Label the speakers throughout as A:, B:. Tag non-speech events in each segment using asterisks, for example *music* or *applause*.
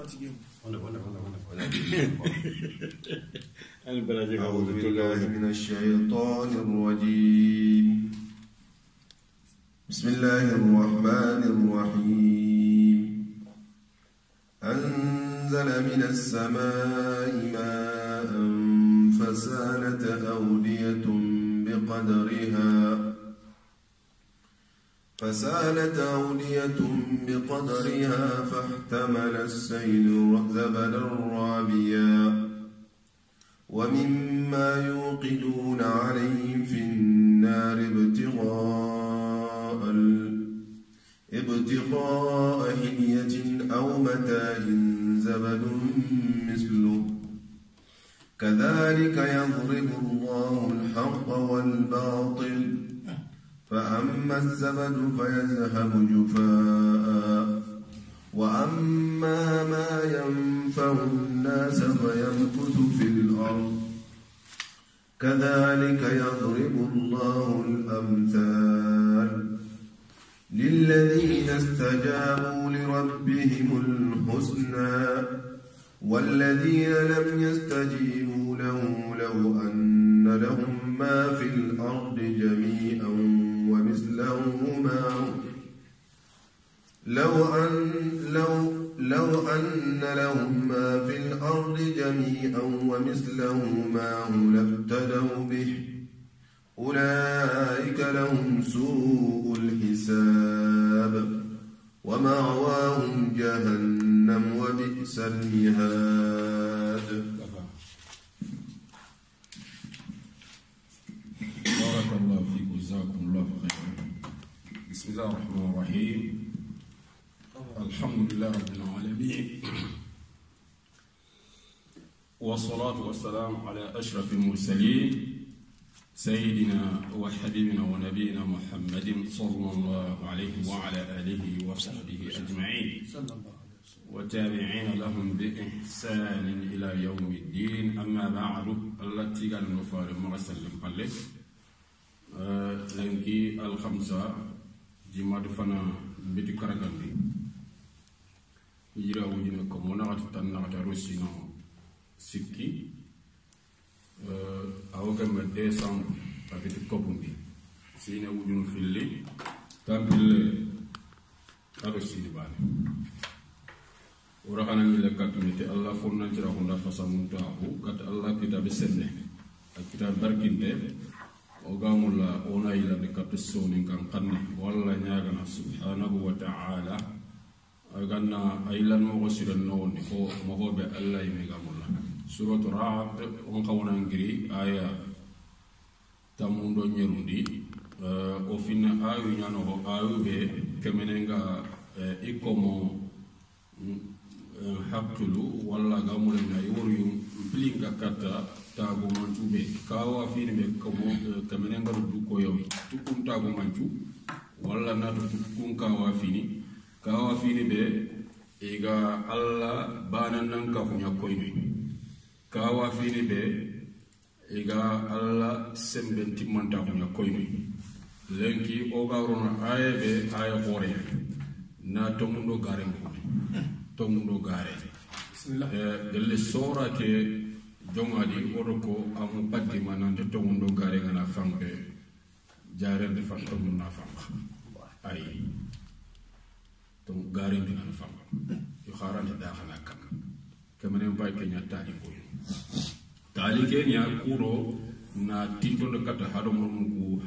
A: أعوذ بالله من
B: الشيطان الرجيم بسم الله الرحمن الرحيم أنزل من السماء ماء فسالت أودية بقدرها فسالت أولية بقدرها فاحتمل السيل زبدا رابيا ومما يوقدون عليه في النار ابتغاء ابتغاء حلية أو متاع زبد مثله كذلك يضرب الله الحق والباطل فأما الزبد فيذهب جفاء وأما ما ينفع الناس فيمكث في الأرض كذلك يضرب الله الأمثال للذين استجابوا لربهم الحسنى والذين لم يستجيبوا له لو أن لهم ما في الأرض جميعا مثلهما لو أن لو لو أن لهما في الأرض جميعا ومثلهما معه لابتدوا به أولئك لهم سوء الحساب ومأواهم جهنم وبئس المهاد بارك الله فيك
C: بسم الله الرحمن الرحيم الحمد لله رب العالمين والصلاة والسلام على أشرف المرسلين سيدنا وحبيبنا ونبينا محمد صلى الله عليه وعلى آله وصحبه أجمعين وتابعين لهم بإحسان إلى يوم الدين أما بعد التي قال المفارم مرسل قال لنكي الخمسة jimatu fana biti karakandi yira ne ko mo naxati tan naxati aro rosino sikki euh, awo kemme décembre a biti kobundi sine wujunu filli tampille aro sini bane wora xana ñile kattumite allah fonnantiraxunda fasamuntaaxu kat allah kitabe senne a kitabe barkinte o gamulla onayilande kapesonin kan kanne o allah ñagana subhanahu wa taala aganna a yilanmoxo sirannowoni ko mogoɓe allah yime gamulla surat rahab on kawanangiri aya tamundo ñerundi eh, o finne awi ñanoxo awiɓe kemenenga eh, i komo mm, eh, haqqilu walla gamulena i woru yum pilinga katta taago mancu be kawa fini be kamene eh, ngaru du ko yowi tukkum taago mancu walla naata tukkum kawa fini kawa fini be iga alla banannan kafuña koynoy kawa fini be iga alla semben timmantakuña koynoy lenki o gawrono aye be aye hoore na tomundo gare ngo tomundo gare eh, gelle sora ke jongadi wodo ko amu paddima ngana togundo garengana de jarende muna togumna ai ayi gare de ngana fanka yo de dahana kaka kemenen bay keña tali koyu Tali keña kuro, na tintondo kata haɗomromum ku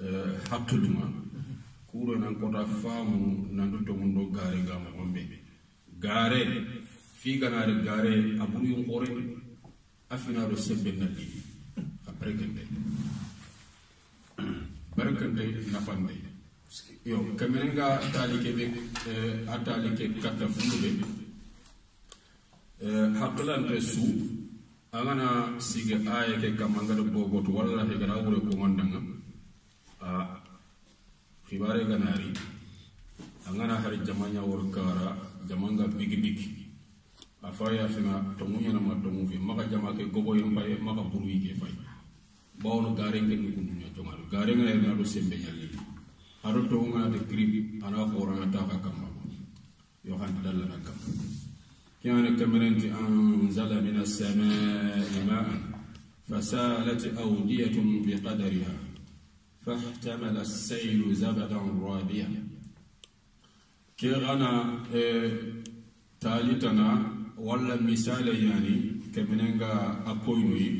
C: eh, duma kuro nan kota faamu nanto togundo gare ga mogonɓe gare figanare gare aɓuriyum horeni afinaɗo sembe nalliɗi a barakende barakende nafande yo kamine nga taalike ɓe ke taalike katta funduɓe hakkilante suu a gana sige ayeke kam angada bogoto walla hegata wure kogondanga a xibare ganaari a gana har jamaña wor kara jamanga bigi bigi a fa ya fenga tongu yana ma tomu fe maka jama ke gobo yon pa maka buru ike fai bawno gare ke ni kundu nya tonga gare ngana yana do sembe yalle aro tongu ngana de krip ana ko ranga taka ka kamba yo han dalla na kam kana kamaranti anzala min as-samaa'i ma'an fasalat awdiyatun biqadariha فاحتمل السيل زبدا رابيا كي غنا تالتنا walla misale yani kebenenga a koynoyi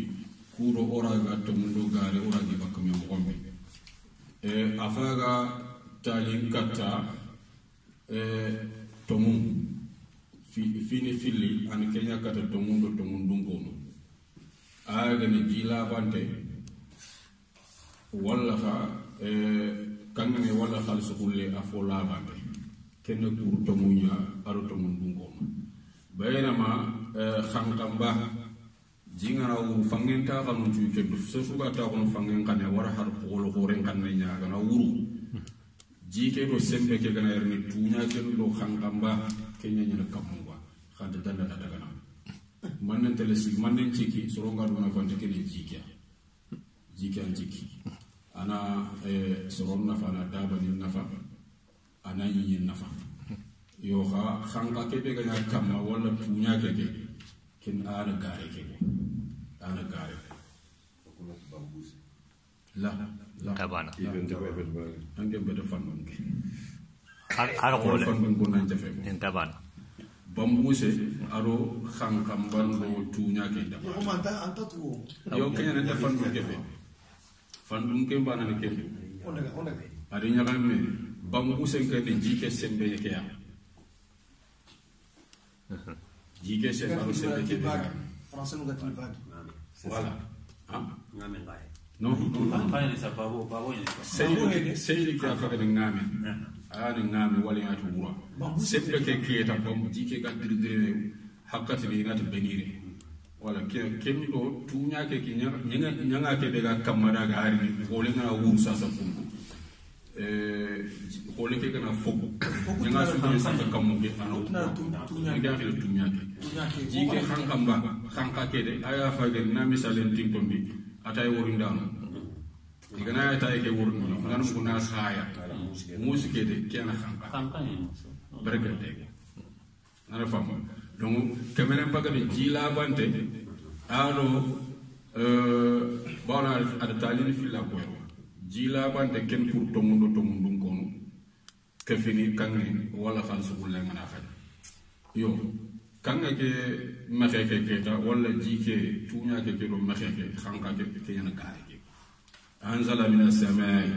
C: kuro oraga tomundo gare oragi bakkame mogonɓe e afaga faga talin katta e tomu fini fili ani kenya kata tomundo tomundunkono ayagana bante walla fa e kangane walla halisu kulle a fo labante kenne kuru tomuña aro tomundunkono xam xam eh, ba jingara raw fangen ta kanu ju ke du so su ga ta kanu fangen kan ya wara har ko ko ren kan ne nya ga kan ya na wuru ji ke do sembe ke ga kan na erni tunya ke do xam ba ke nya nya kam wa da na man nante le su man ki ciki ro ga do na fante ke ne ji ke ya. ji ke an ki ana eh, so ro na fa na daba ni fa ana na fa yo xa xanka kebe ga ñaa kamma walla tuuña keke ken aana gaare keke aana gaare la
A: tabana anke
C: mbete fangon ke ara xole bonan jafe en tabana bambuse aro xankam bango tuuña ke
A: yo keñana nde fangon kefe
C: fangon ke mbanane ke ade ñaxame bambuse nke ne jiike sembe yekeyaa
A: Mhm. jike français nous gatini vague voilà ngame ngaye ah. non seyri mhm. ah, ke
C: afaka ni ngame ani ngame wala yatu wura seppe ke kiyeta bom jike ga dirdirene hakkati ni ngati benire wala ke kemi do tunya ke kinya nyanga nyanga ke daga kamara ga hari ni wole ngana wum sasa funku Eh, kole ke kana fogu yanga sudiri santa kammo ke ano ida fil dunya ke jike hanka mba hanka ke de aya fage na misalen tintombi atay worindano igana ya tay ke worindano ngana ko na saya musi ke de ke ana hanka berga nah, de nana famo donc kamera baga de jila bante alo anu, euh bawna fil la boyo te ken pour ko tomundun kono fini kange wala halsugulle kan mana xal kan. yo kanga ke ke ke ta jike ji ke ke do mexeke xanka ke ke yana kaare ke anzala min asamai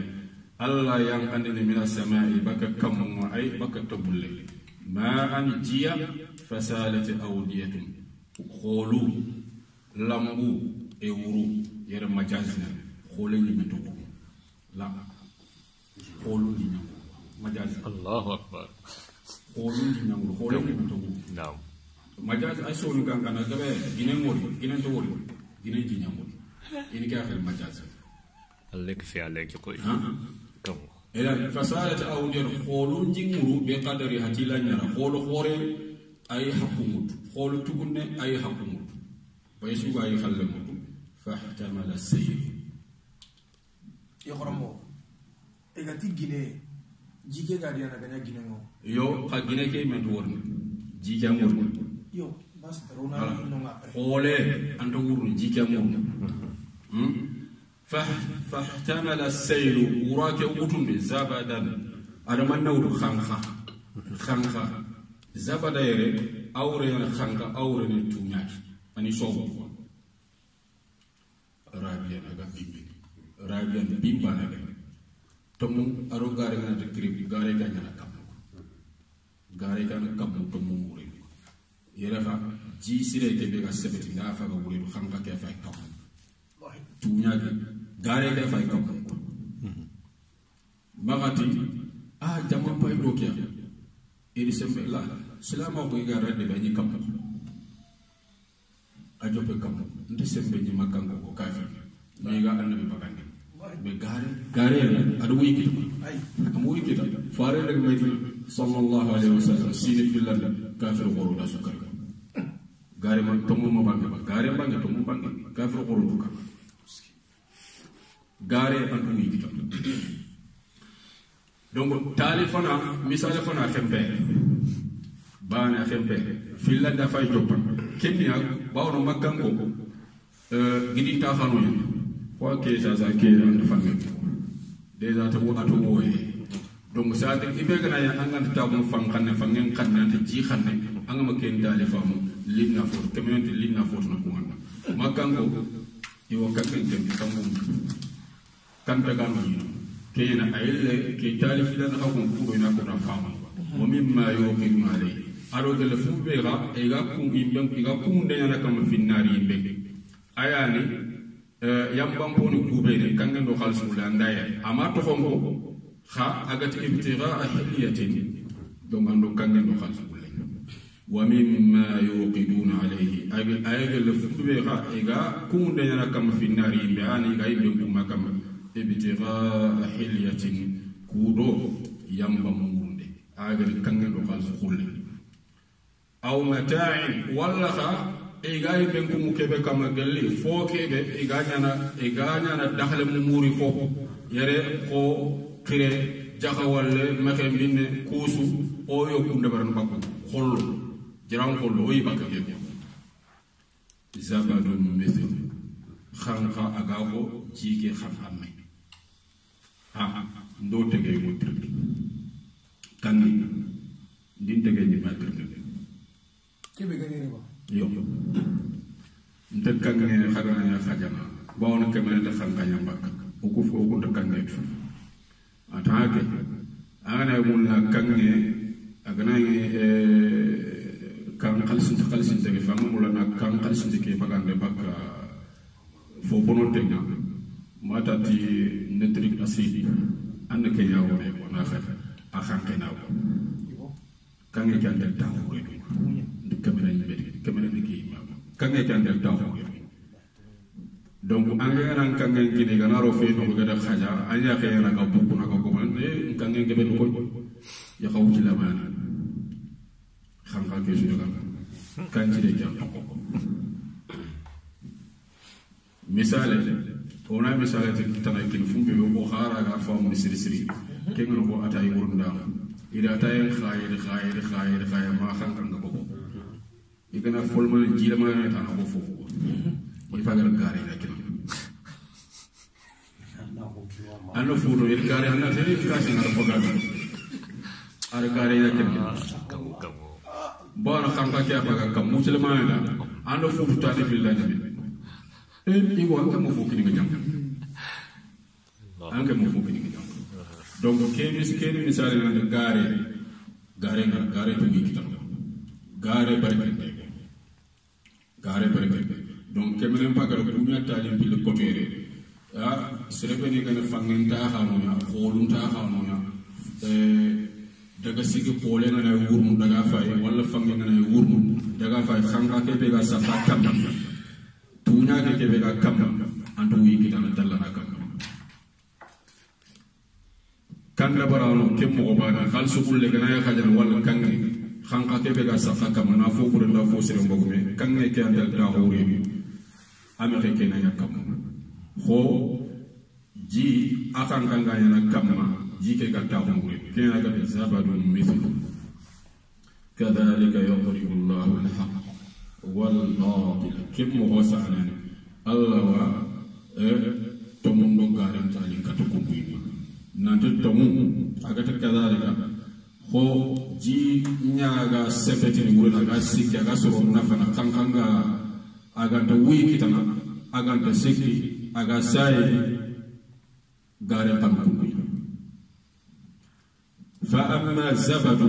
C: alla yang andini min asamai baka mo ay baka bulle ma an jiya fasalat awdiyatun Kholu lambu e wuru yere majasina xoole ñimetugu la holun
A: di ñangul majaas allahu akbar holun di ñangul holen ni to naam
C: majaas ay sonu kan kan dabe gine ngori gine to wori gine di ñangul ini ka xel majaas
A: alek fi alek ko kam ila
C: fasalat awdir holun jinguru be qadari hatila ñara holu hore ay hakumut holu tugunne ay hakumut bay suga ay xalle mutu fahtamala sayyid yɔgɔrɔmɔ e ka ti gine jike ka di yana ka ɲa gine ŋɔ yo ka gine ke mɛ tu wɔri jike
A: ŋɔ yo basi tɛrɛ una ɲɔgɔn ka pɛrɛ
C: kɔɔlɛ an tɛ wuru jike ŋɔ فاحتمل السيل وراك وطن زبدا أرمان نور خانخا خانخا زبدا يري أورين خانخا أورين تونياك أني صوب رابيا نغا بيبي rabian di le tomu aro gare na de krip gare ga nyana kam gare ga na kam tomu mure yere ya, fa ji sire te be ga sebeti na fa ga wure xam ka ke fa ah, kam tunya ga gare ga kam magati a jama pay do ke ili sembe la silama ko ga rede be ni kam a jope kam nte sembe ni makango ko kafi ga annabi gaariin aduu wii kita akkam wii kita faaree dhagmeeti sallallahu alaihi wasallam siiniif billan kaafir qoruudha sukkar gaaree man tomuma bange gaaree bange tomuma bange kaafir qoru duka gaaree aduu wii kita donc taali fana misaale fana xempe baana xempe filla dafay joppa kenniya bawno makkanko gidintaa xanoya wa kesa sa kera and famille déjà to wo ato wo donc sa de ibe kana ya angan ta mo fam kan ne fam ngen kan na ji kan ne anga ma ken dale famu linna fo community linna fo na ko anda makango iwo kakin tem tambu kan ta gam ni kena ayele ke tale filan ha ko ko ina ko na famu wa mimma yuqim alayhi aro gele fu be ga e ga kun imbe ga kun de yana kam finnari imbe ayani Eh, yambanponu kuɓene kangen do hal suula andaya ama toxonko xa agati ibtigaa hilyatin donc ando kangen do hal suula wa mimma yuqiduna alayhi ayegelle futuɓe xa iga kumundeñana kama finnari yimɓe ani ga yimɓe kuma kama ibtigaa hilyatin kuɗo yamba mungurunde agati kangen do hal suulle aw matain walla xa egai bengumu kebe kama gelli fo kebe egaana egaana dakhle mu muri fo yere ko kire jaka walle make minne kusu o yo kunde baran bakku khol jiran khol o yi bakke gebe zabado mu mete khanka agago ci ke khanka me ha ndo tege mu tri kan ni din tege ni ma tri kebe gani ni ba yo dekkange harana hajama bawna kemene dekkanganya mbakka okuf oku dekkange tu atake agana mulla kange agana kan kalsinti kalsinti ke fanga mulla na kan kalsinti ke bagande bakka eh, fo bononte nya matati nitric acid an ke yawo ne wona khat akhan kenawo kange kan del tawo
A: do
C: kamera yimɓe kamera ndiki yimɓe kange candel tawkuya donc an ga ran kange kini gana ro fe no gada khaja an ya khaye na ga buku na ga ko ban ne kange ngebe ko ya khawti la ban kham ga ke jura kan ci de jam misale ona misale te tanay kin fumbe ko khara ga famu siri siri ke ngol ko atay wurunda ida tayen khayir khayir khayir khayir ma khan kan ga ko igana folmo jilama tan ko fo moy fagal gari la kina anno furo il gari anna te il kasi na ko gari ar gari la kina bon xam ka fa faga kam muslima la anno furo tani billahi nabi e iwo anka mo fo kini ngam anka mo fo kini ngam donc kemis kemi misali na gari gari na gari to ngi kitam gari barkinde gare barke donc kemenen pakara kuña talin pille kotere a serebene gana fangenta xanoya xoolunta xanoya e, daga sigi xoole ngana wurmu daga fay e, walla fange ngana wurmu daga fay xanga e, ke be ga safa kam tuña ke ke be ga kam antu wi kitana dallana kam kanda barano ke mogo bana xal sugulle gana ya xajan walla kange xanqa kebe ga safa kamana fo kurenda fo sere mbogume kanga ke antel da hore ame ke kena ya kamma ho ji akan kanga yana kamma ji ke ga ta hore kena ga zabadun mithlu كذلك يضرب الله الحق والباطل كم وسعنا الله و تمون دغارن تالين كتكم بيما نانت تمون اغت كذلك هو ji ɲa ga sɛbɛtini wure la ga sikki a ga sɔrɔ nafana kankanga a ganta wuyi kitana a ganta sikki a ga saye gare pankundu fa amma zabadu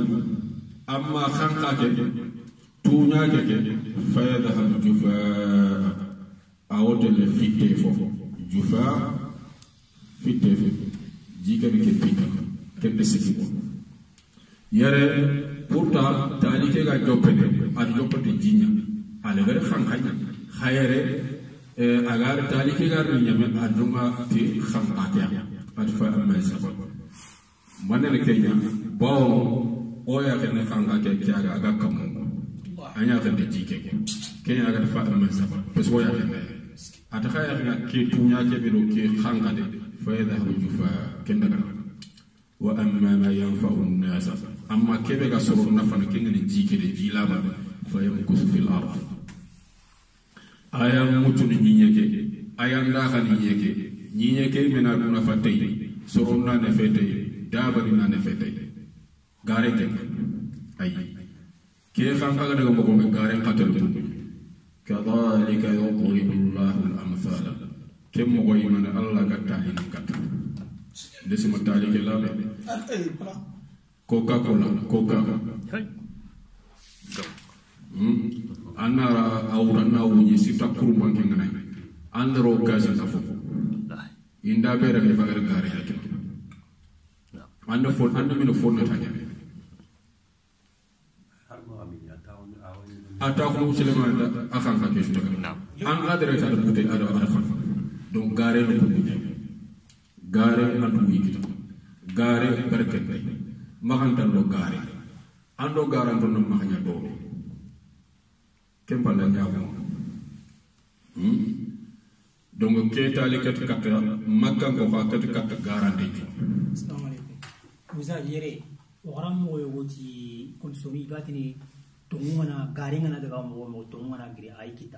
C: amma kanka keke tuɲa keke fa yadhabu jufaa a wotele fitte fo jufaa fitte fo ji kebe ke pita kebe sikki ko yere purta tani ke ga joppede ad joppete jinya ale bere xanxañ xa yere agar taarike ga du ñame a dunga ti xanxatea ad fa amay sabab manene keña bawo o yaxene xanxa ke caga aga kammo a ñaxende jike keña agata fa amay sabab parce que o yaxene ata xa yaxenga ke tuña keɓeɗo ke xanxa de fa yadaharu jufa kendagana wa amma ma yanfa'u an-nas amma kebe ga soro na fana kinga ni jike de jila ba fa yamkusu fil ard aya mutu ni nyinyeke aya ndaha ni nyeke nyinyeke mena duna fatay soro na ne fete dabari na ne fete gare te ay ke khanga ga daga mako gare qatal tu kadhalika yudribu allah al-amthala kemmo goyimana allah gatta hin katta ndesi motaali ke laale koka kola koka an nara awura na wuñi sita kurumbanke nganayi an nara occasion ta fof inda bere ne fagare gare yake anda fon anda mino fon na tanya ata ko musulman da akan ka ke shi daga an adresa da mutai ada arfan don gare ne gare andu kita gare berkat makantan lo gare ando garan ton makanya do kempa la nyaabo hmm donc ke tali kat kat makka ko ka kat kat garande ko
A: assalamu alaikum musa yere waram mo yoti konsumi batini tungwana garinga na daga mo mo tungwana gri ay kita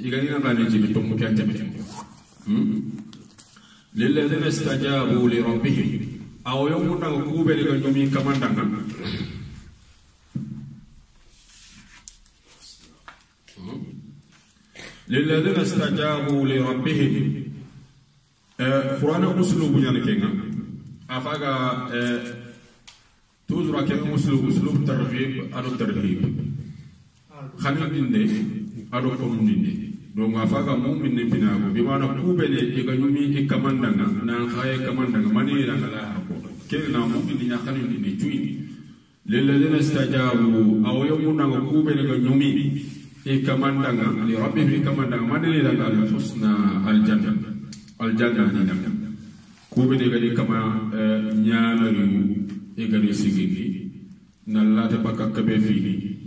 C: يغنغاني جيبي بمكا تمتم للذين استجابوا لربهم أو يوم نغكوب لغنمي كمان دعنا للذين استجابوا لربهم قرآن أسلوب ينكينا أفاقا توزر كم أسلوب أسلوب ترغيب أو ترهيب خلينا نندي أو كم نندي donc a faga mum min ni pinago bi mana kubele ke ga nyumi ke kamandanga na khaye kamandanga mani na ngala harko kel na mum ni nyakani ni ni tuini lilladhina stajabu aw yamuna ga kubele ga nyumi e kamandanga li rabbi kamandanga mani ni daga al husna al janna al janna ni daga kubele ga kama eh, nyana ru e ga ni sigini na lata pakka be fini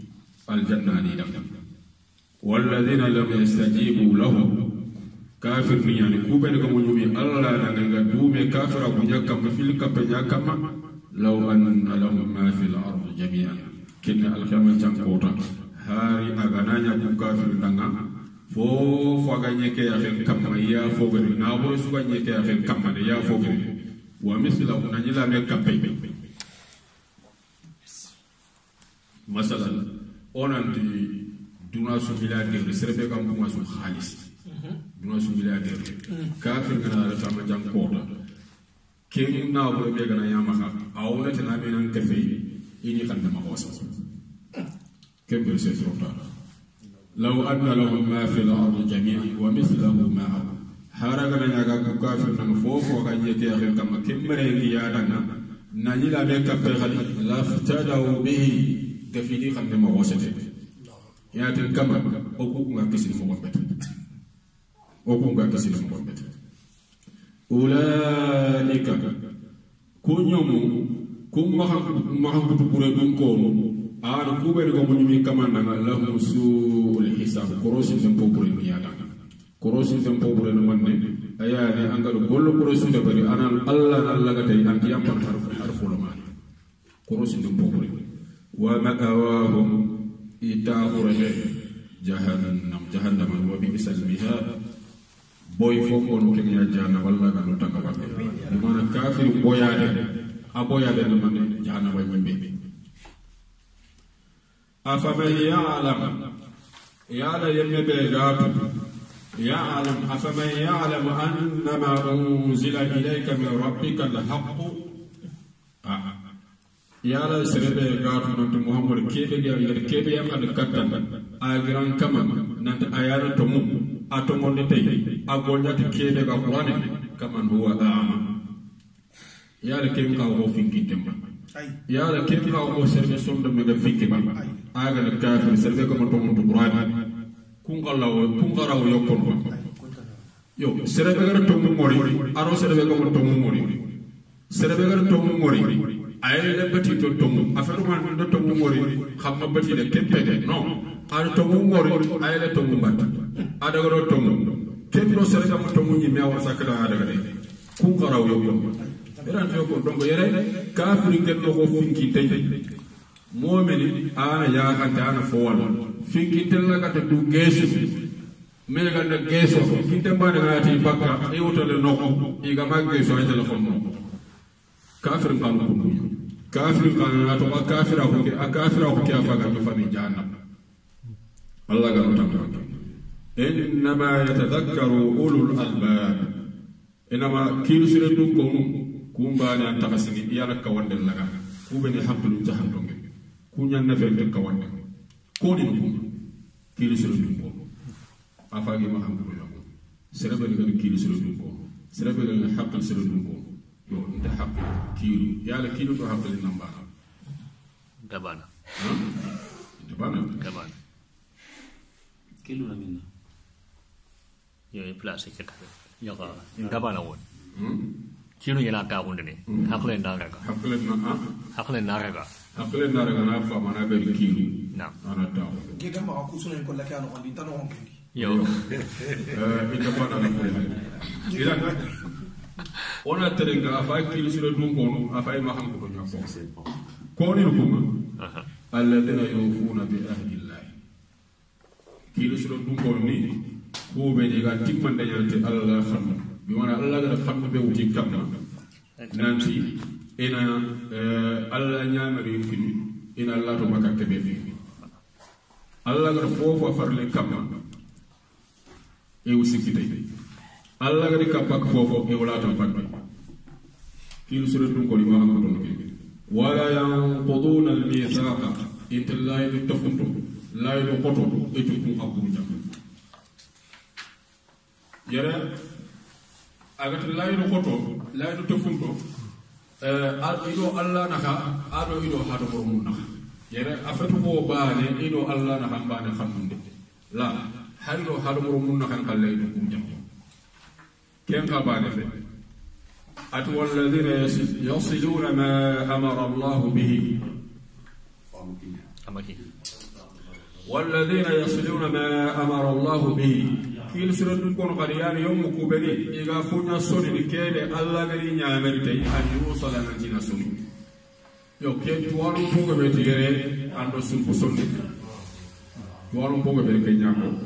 C: al janna walladhina lam yastajibu lahu kafir ni yani ni kama nyumi alla na nga dume kafira kunyaka mfilika penya kama law an lahum ma fil ardi jami'an kinna al khama chankota hari agananya ku kafir tanga fo fo ga ya hen kama ya fo gani na bo su ga nyeke ya hen kama ya fo gani wa misla nyila me kapai masalan onanti دوناسو ملياردير سربي كان بوماسو خالص دوناسو ملياردير كافر كان على تام جان كوتا كين ناو بيغا نا ياما خا اونا تنا بينا كفي لو ان لهم ما في الارض جميعا ومثله معه حرق لنا كافر نم فوق وغني تيخي كم كمري يا دنا نانيلا بيكا بيغالي لافتدوا به كفيني خدمه واسطه tel ya, oh, kama okukungakkisiri mu gombeta okungakkisiri oh, mu gombeta ulaika kunyomu kummahakutukure dun nyumi kama na la kamannanga su ul hisab korosi fen popurenu yaɗanga korosi fen popurenu manne ayani angalu gollo korosinde bari anan allah nan lagatay anti yampan harfulomani korosi fen popure wa ma'awahum itaxurete jahannam jahannama wa bi'sa al-mihad boy fo ko no tegna jana walla na no tanga wala di mana kafir boyade a boyade na man jana way wembe afa man ya'lam ya'la yemme be gatu ya'lam afa man ya'lam annama unzila ilayka min rabbika al-haqq yala serebe gaatu nonto muhammadu keɓe ɗiya de keɓe yakade kattan a giran kama nanta a yana to mum a togonde tayi a goñata keɓe ga kaman huwa ama yala kem ka wo finkintema yala kem ka de serbe somdo mega finkima de kafir serbe kama togonto kungalawo yo serebe gara tomu mori aro serebe kama tomu mori serebe gara tomu mori ayele bati to tongu afatu man do tongu mori xamma bati l e kempete n o a r i tongu mori ayele tongu bat ada goro tongu ken do sere kam tongu ni y m e w a sakala ada gare ku n k a r a w yo yo eran yo ko dongo yere kafir ken do ko finki tay momeni ana ya kan ta ana fowal finki tel la kata du gesu mel k a da gesu finki tan ba da ti bakka e wotale noko i ga magge so ay telephone n kafir kan ko كافر قال لا تبقى كافر أو كي أكافر أو كي أفعل فمن جانا الله قال تمام إنما يتذكر أولو الألباب إنما كيل سيرتو كون كون بان أن تقسني يا رك كون دل لغا كون بني حمد لو جهان دونج كون ين نفعل تك كون دل كون ين كون كيل سيرتو كون أفعل ما حمد لو يا كون سرب لغا كيل سيرتو كون سرب لغا حمد سيرتو كون yo haqqu kiilu ye kiilu to haqqili naŋ baala
A: nte baala nte kiilu la miŋ na yo i place ke kafe ñoka nte baala wo kiilu ye naa taakunde ne haqqile naa rega haqqile naa haqqile naa kiilu ana ma ko sunu ko la ndi yo
C: ila ona terenga afa kili silo dum kono afa ma xam ko ñoo ko ko ni ko
B: ma
C: alladina yufuna bi ahdi llahi kili silo dum kono ni ko be de ga timman de yarte allah xam bi allah ga xam be wuti kam nanti ina eh, allah ñamari kini ina allah to maka kebe fini allah ga fofo farle kam e usikite alla gari kappak fofo e wala tan pat kilu sura dun ko lima ko don ke wala yanquduna almithaqa inta la yatafuntu la yatafuntu e tutu akuru jam yara agata la yatafuntu la yatafuntu ido alla naka ado ido hado ko mun naka yara afatu ko bane ido alla naka bane khamunde la harido hado mun naka kan kallay dum jam كم في أتوى الذين يصلون ما أمر الله به والذين يصلون ما أمر الله به كل سورة تكون قريان يوم كوبني إذا فونا سوري كيل الله غري نعمل أن يوصل نتينا سوني يو كيل توارو بوغ بيتيري أن سنفو سوني توارو بوغ بيتيري كي نعمل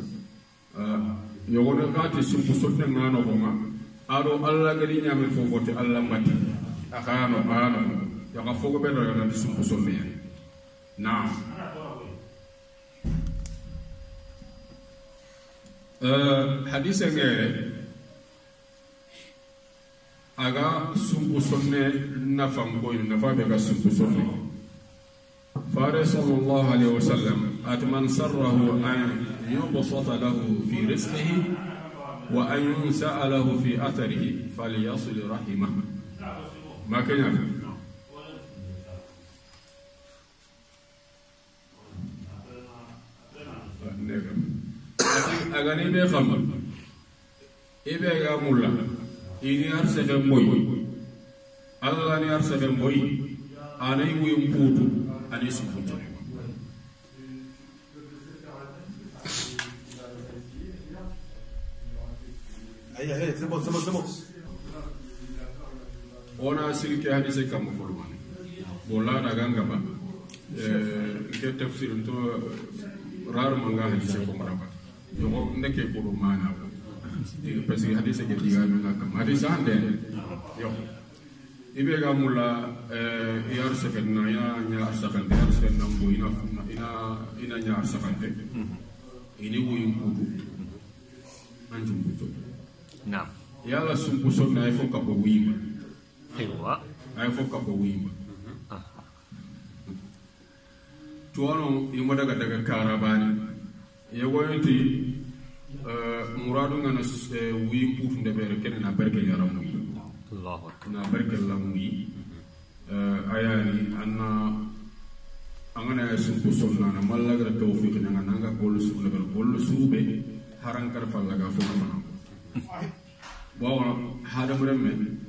C: آه، يو غنى قاتي سنفو سوني نانو بوغ aro alla gadi ñamil fofote alla mati akano ano yaka fogo ɓe ɗoyo nandi sumbu sommeya naam hadise ngere aga sumbu sonne nafan koyi nafa ɓe ga sumbu sonne fare sallallahu alayhi wa sallam at man sarrahu an yubsata lahu fi rizqihi وأن ينسأ له في أثره فليصل رحمه ما كان يفهم agani be xamal i be ga mulla ini arsexe moy alla ni arsexe moy anay wuy mpuutu ani sukuntene Eh, eh, ke hadise kammo folo wani bon laanaga ngama nke tafsir to rarement manga hadise ko maraba yogo ndeke kolo manabo parce que hadise ke digaminga kam hadise ande yo ibe ga mula eh, i arsakenna ina ña arsakante
A: na mbo ina ina ina ña arsakante
C: ini wuyin kudu an jumbuto na yala sumpu na ifo kapo wuyima aywa aye fof kam ko wuyima tuwano imo daga daga karabani yegoyonti eh, muradu ngana eh, wuyi putunde ɓeere kene na berkel yaramuyi na berkel lamuyi eh, ayani anna angana sumpo sonnana mallagara tawfiqi nanga nanga gollu suɓleɓel gollu suuɓe harankar fallaga fona fana de *laughs* hadamaren mesmo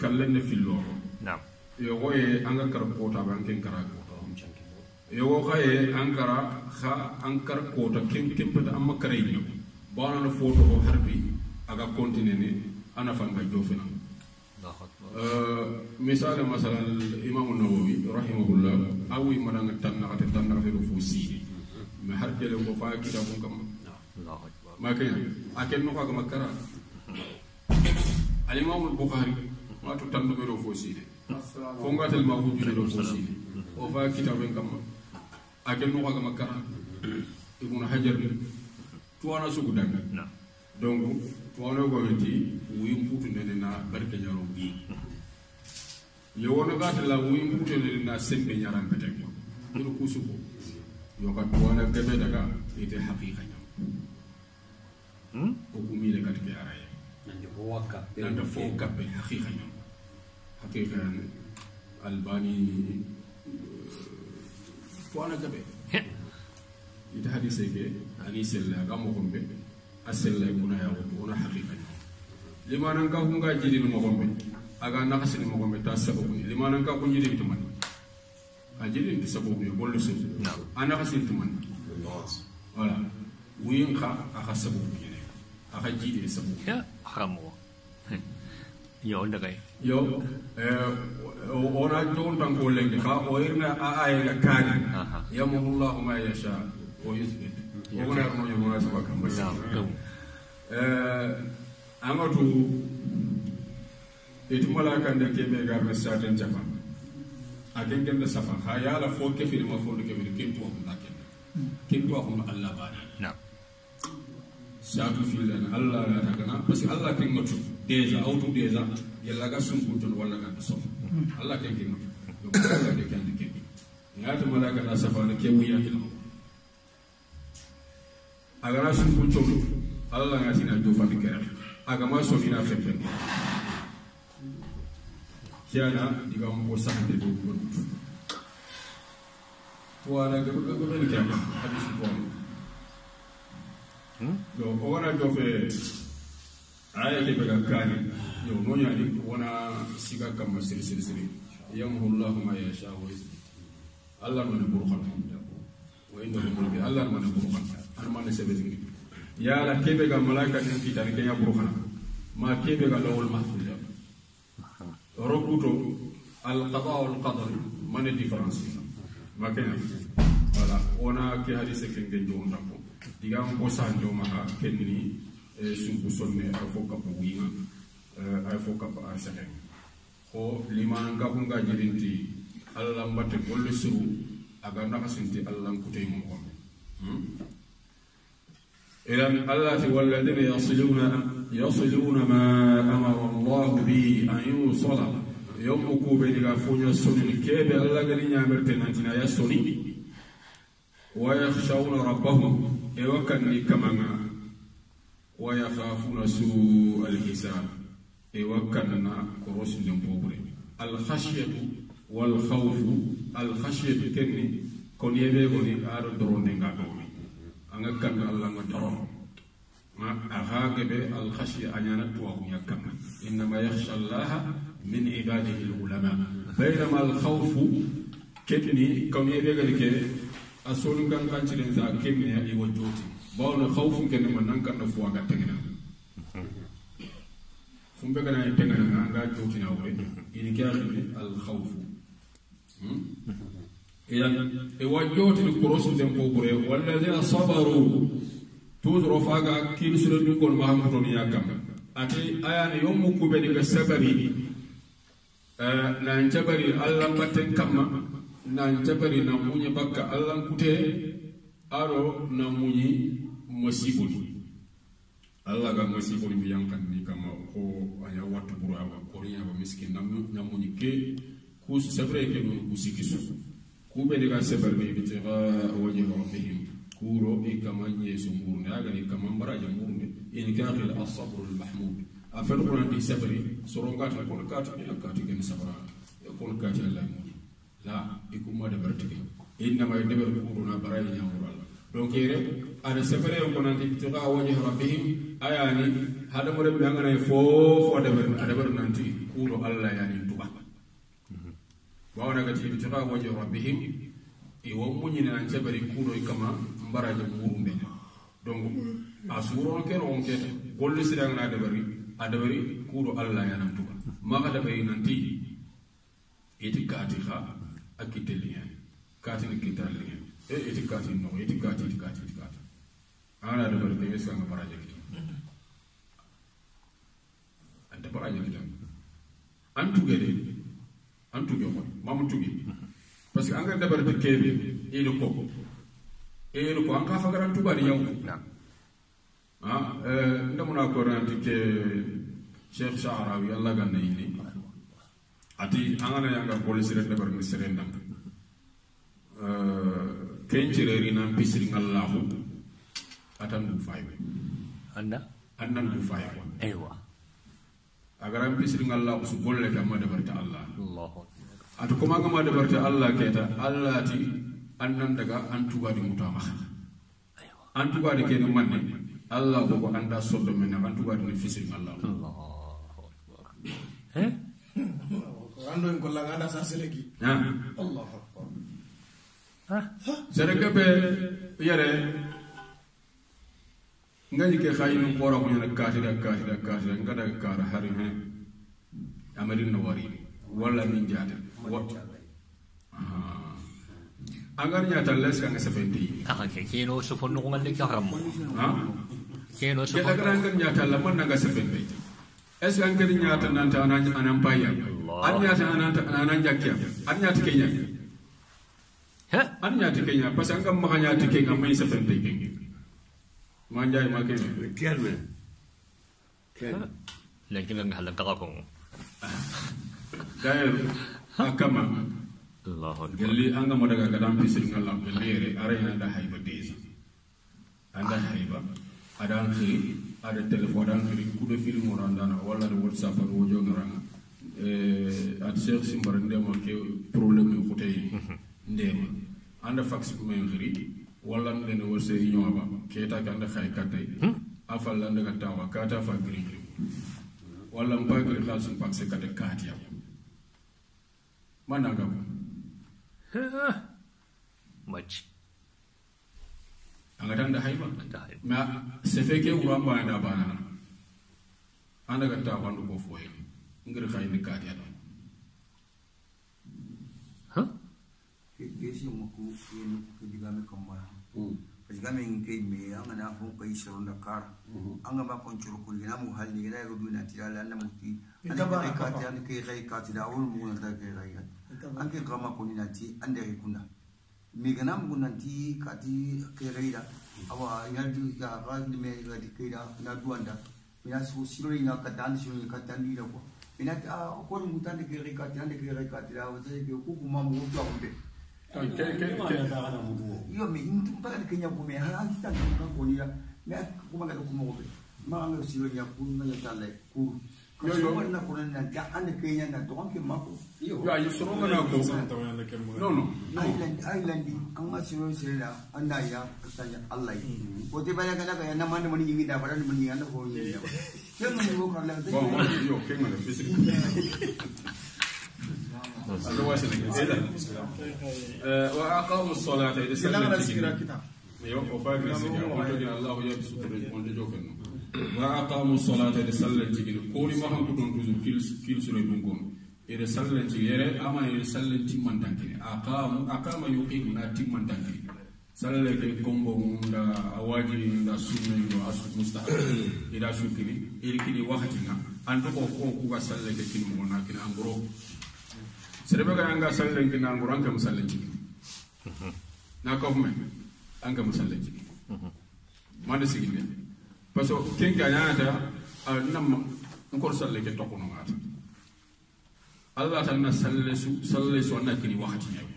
C: kallan ne fillo na'am yogo ye an ka kara kota ba an ken kara yogo xa ye an kara xa an kara kota ken ken pata an ma kara yinno bana na fo toxo har bi aga continue ne a nafanga jofena misale masalan imamu nawawi rahimahullah a wi mananga tannaxate tannaxatero fo siide mais har jele ko fa kitabun kamma ma keña a ken noxagama kara Alimamul Bukhari ma to tan do ro fosi de ko ngatal ma ko jure ro fosi o fa kitab en kam a ke no ga makka ibn hajar ni to ana su gudan na donc to ana go wi ne na barke nyaro bi yo wona ga la wi yum putu ne na sembe nyaran am petek ko ko ku su ko yo ya, ka to daga ite haqiqa hmm o ku mi le لأن نعم، نعم، فوق كبه نعم. حقيقة يعني حقيقة يعني ألباني فوانا آه، كبه إذا هذه سيكي أني سلا كم وهم به أسلا يا رب ونا حقيقة لما نكاه مكا جدي المهم به أجا نقص المهم به تاسببني لما نكاه كن جدي تمن أجدي تسببني بقول سو أنا قص تمن ولا وين خا أخسببني أخا يعني. جدي سببني
A: Iya, udah Yondere.
C: Yo, ona ton tan ko lenge ka o irna a ay la kan. ya, Allah ma yasha wa yuthbit. Ona no yo mona sabaka mbasa. Eh amatu itumala kan da kebe ga mesaten jafa. Akin kende safa ha yala fo kefir ma fo kefir kin to na kin. Kin to Allah bana. saatufiilana allah rata gana Allah ce que allah auto déjà awtu déjà yellaga sunkuton walla ganta som allah ken kengatu
A: yoade kandi kendi
C: yaata malakata safana ke wuyakilma agana sunkun cogo allah gatina jofani kere agama somina feppendi kiana diga mbo sahande do gonutu toana gaɓeɓeɓeni kema hadisi poano donc o wona jofe aya le be ka kaani yo no ñaani wona siga kamma siri siri siri yamhu llahu ma yashaa wa yusbit allah mane burkan hamda wa indahu mulki allah mane burkan an mane sebe zikri yala kebe ga malaika nin kitani kenya burkan ma kebe ga lawol mahfuda rokuto alqada walqadar mane différence ma kenya wala wona ke hadise kenge jonda ko diga ko sanjo ma ha kenni e subu sonne a fo kapu winga a fo kapu arsahen ko liman ka kun jirinti allah mbate golle suru aga naka sinti allah kutay mo ko إذن الله والذين يصلون يصلون ما أمر الله به أن يوصل يوم كوبي لغافون يصلون كيف الله قال نعمر تنانتنا يصلون ويخشون ربهم ewakani kamanga ويخافون سوء الحساب ewakkanana korosilen pobure alhasiyatu walhawfu alhasiyatu kenni kon yebe goni aɗo dorondenga domi
A: anga kanna allah nga doron
C: ma aha gebe alhasiya a ñana tuwakuña kamma innama yahsha allaha min ibadihi lulama baynama alhawfu kenni kom yebe gani ke a sonu kan kan cilen sa kemne a iwa joti bawna khawfun kene man nan kan na fuwa ga tengena fumbe kana ye tengena nga nga joti na wure ini kya khini al khawfu hmm? e iwa joti ni korosu dem ko bure wala wallazina sabaru tuzro faga kin sura dun kon mahamudu ni yakam ati aya ayani yomu kubedi ga sabari eh, na nan allah batten kamma nan tabari nan muñe bakka allankute aro nan muñi masibulu alla ga masibulu bi yankanni kama ko aya wattu buru awa koriya ba miskin nan muñi ke kus sebre ke non kusikisu kube ni ga sebar be bitiga wajhi rabbihim kuro e kama yesu murne aga ni kama mbaraja murne in kakhil as-sabr al-mahmud afen qur'an di sabri soronga ta ko katu ni akatu ken sabra ko katu allah muñi la i kuma da bartigi in nama da bar kuru na bara ya hura don kere ada sefere yon konanti tuka wajhi rabbihim ayani hada mo dem ngana fo fo da bar da bar nanti kuro allah yani tuba wa wana gati tuka wajhi rabbihim i won munyi nan sabari kuro kama mbara je murumbe donc asuro ke ron ke golli sidang na da bari adabari kuro allah yana tuba maka da bari nanti itikati kha akkitteliyeen kaatin akkittaliyeen ee iti kaatiin noo iti kaati iti kaati iti kaati aanaa dabalatee eessa hanga baraa jekitu adda baraa jekitu an tuge de an tuge koy mamu tuge parce que an ga dabalate keebe iini ko iini ko an kaa fagaran tugaani yaw ah ndamuna ko ranti ke cheikh sha'arawi allah ganna yini ati angana yanga polisi rende bar misrenda uh, eh, kencireri nan pisri ngallahu atan du faywe anda anan du faywe ewa agaran pisri ngallahu su golle kamma dabarta allah allah atu kuma kama dabarta allah keta allah ti anan daga antuga di mutama antuga di kene manne allah ko ko anda soldo men antuga di fisri ngallahu Allah. akbar
A: eh ando en kolla ngada sa selegi ya. allah akbar sere kebe yere
C: ngani ke khayinu qora ko yana kasira kasira kasira ngada kara hari he amarin no wari wala min jata
A: angar nyata les kan sependi aka ke kino sufon no ngal ke haram ha kino sufon ke daga ya ngar nyata lamon nga sependi
C: Es yang que ankari ñaata nanta anan paya an ñaata ananta anan jakkiya an ñaata kenya an ñaata kenya Pas que an kam maxa ñaata kenya may sa fente ma njaay ma kenya kelme
A: lekin nga halang taxa ko
C: dayer akama
A: Allah. akbar angka anga mo daga gadam pisir
C: ngallam gelli re ara ada hayba desa. anda hayba adan khiri ada telefon an kiri kudo fili ngorandana wala de whatsapp an wojo ngaranga eh, at sheikh simbar ndema ke problème kutay mhm. ndema anda fax ko men kiri wala ne ne wose nyoba keta kanda khay katay afal landa katawa kata hmm? fa kiri wala mpaka khasu mpakse kata kati ya mananga mach anga tan da hayba ma sefe ke wura ba bana anda ga ta wandu ko foye ngir khay ni kaati adon
A: ha ke si mo ko ye no ko diga me ko ma parce que min ke me anga na fo na kar anga ba kon churu ko ni na mu hal ni na go du ti ala na mu ti anda ba kaati an ke khay kaati da wol mu na kama ko ni na ti ande ke kuna meganam gunanti kati kereira awa yadu ya gadi me gadi keira na duanda mina su siroi na katan siroi katan dira ko mina ta ko mu tan de kereira katan de kereira katira wa sai ke ku kuma mu ta umbe me de kenya kume ha ka ko ni me kuma ga kuma ko ma ga ya ya ku Sono una già anche che è nato anche Marco. Io io sono No
C: no. Island
A: Island kanga sino sila anda ya katanya Allah. Pote bala kala kaya na man mani yida bara mani yana ko yi. Ke mani ko kala. Ba ma yo mani fisik.
C: Otherwise ne gida. Eh wa aqamu as-salata idha sallu. Ila rasikira kitab. Yo ko fa gina sikira. Allah ya wa aqamu solata ede sallantigil kooli mahanko ɗon toujours kil soro ɗum gonga ede sallantigil yere ama ede sallan timmantankine aqamu aqama yuqimu na timmantankine salle ke kombo mum awaji da sunna do asu mustahab *coughs* ida shukiri iri kini wakati na andu ko ko ku ga salle ke kini mo mm-hmm. na kini angoro serbe ga anga salle kini angoro anka musalle kini na mm-hmm. ko me anka musalle kini mande siginde parce que ken ke a ñanata a nam salle ke tokunongata allah tan na salle su salle su anna kini wakati ñaw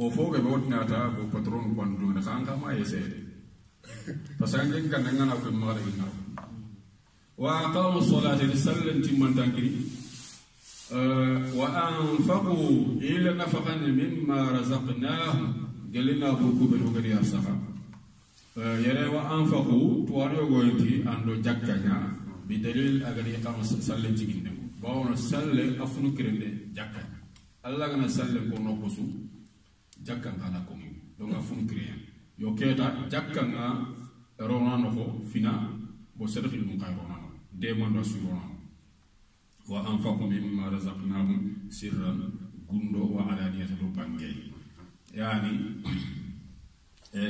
C: o fo ke bawtinata bo patron kwandune xa an kama yeseede parce que an ken kanna ngana ke maxara innao wa aqamu solate ni sallen timmantankiri وأنفقوا إلى نفقا مما رزقناهم قال لنا أبو كوبل وقال يا صحابة Eh, yere wa an faku tuwario goyti an do jakkaña bi dalil agadi kam salle jiginde mo bawono salle afunu kirende jakkaña allah gana salle ko nokko su jakkan kala komi donc afunu kiriyen yo keta jakkanga ronano fo fina bo sedakil mum kay ronano de mando su ronano wa an faku bi mimma razaknahum sirran gundo wa alaniyata do bangeyi yani a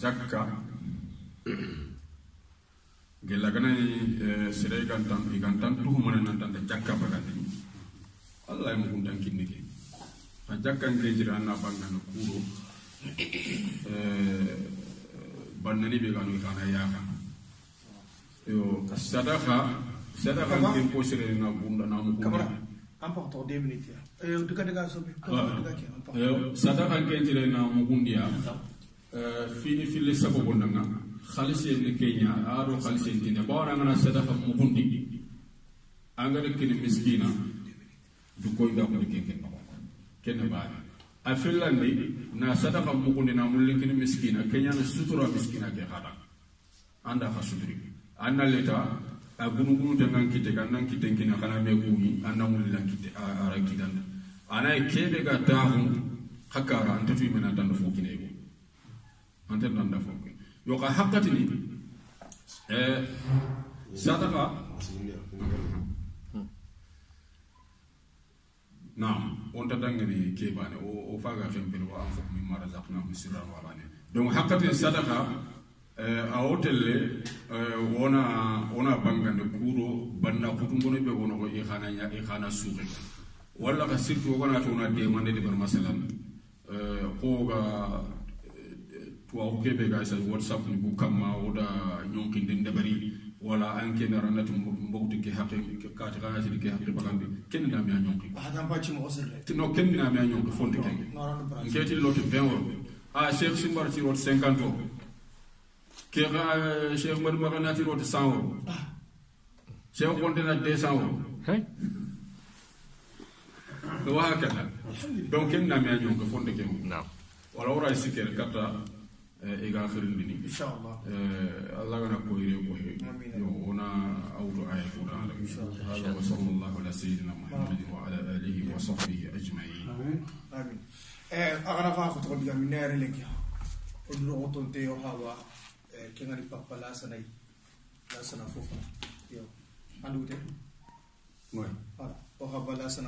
C: jakka gella kana yen sira i kan tan i kan tan jakka allah yang mengundang kini kinni ke a jakkan ke jira an na bangana kuro eh, bannani be kanu i kana yaaka yo sadaka sadaka ke ko sirena bunda na mugunda
A: important deux minutes ya e duka daga so bi duka ke important sada ka
C: kentire na mugundiya fini fili sabo bondanga khalisi en kenya aro khalisi en dina bawra ngana sada ka mugundi angara kini miskina duko ida ko keke kenne baani a fillandi na sadaka mugundi na mullinkini miskina kenya na sutura miskina ke hada anda ka suturi anna leta a gunugunu te kan kite kan nan kite kina kana me gugi an nan wuli lan kite a ran kitanda ana kebe ga tahun hakara an tatu mena tan fo kine go an tan nan da fo yo ka hakati ni eh sadaka naam on ta dangani kebane o o faga fempel wa an mi marazaqna musirran wa alani donc hakati sadaka Eh, a hotelle eh, wona wona bangande kuuro banna hutungono ɓe wono ko ihana ihana suuke wala ka surtout wona to wona demande eh, de bar masalam koga tuwaku keɓe ga sa whatsapp ni ku kamma woda ñonkinden ndabari wala anke na ranati mbogti ke haqi kati ranati ke haqi bagandi ken na mi ñonki
A: adam pa ci mo sere
C: no ken na mi ñonki fonte ken ngeti lotte 20 euro a cheikh simbar ci rot 50 euros kega cheikh madu maga natiroti cent euro cheikh kontena deux cent euro وهكذا دونك كنا ما نيون كفون دك نعم ولا ورا سكر كتا إيجا خيرين بني إن شاء الله الله غنا كويري كوي هنا أوتو آية كنا هذا وصلى الله على سيدنا محمد وعلى آله وصحبه أجمعين آمين آمين
A: أغرفها خطوة بيا من نار لك ودلو غطون تيو هذا quem eh, kenga ni papa la sana i la fofa yo o te
B: moi voilà o haba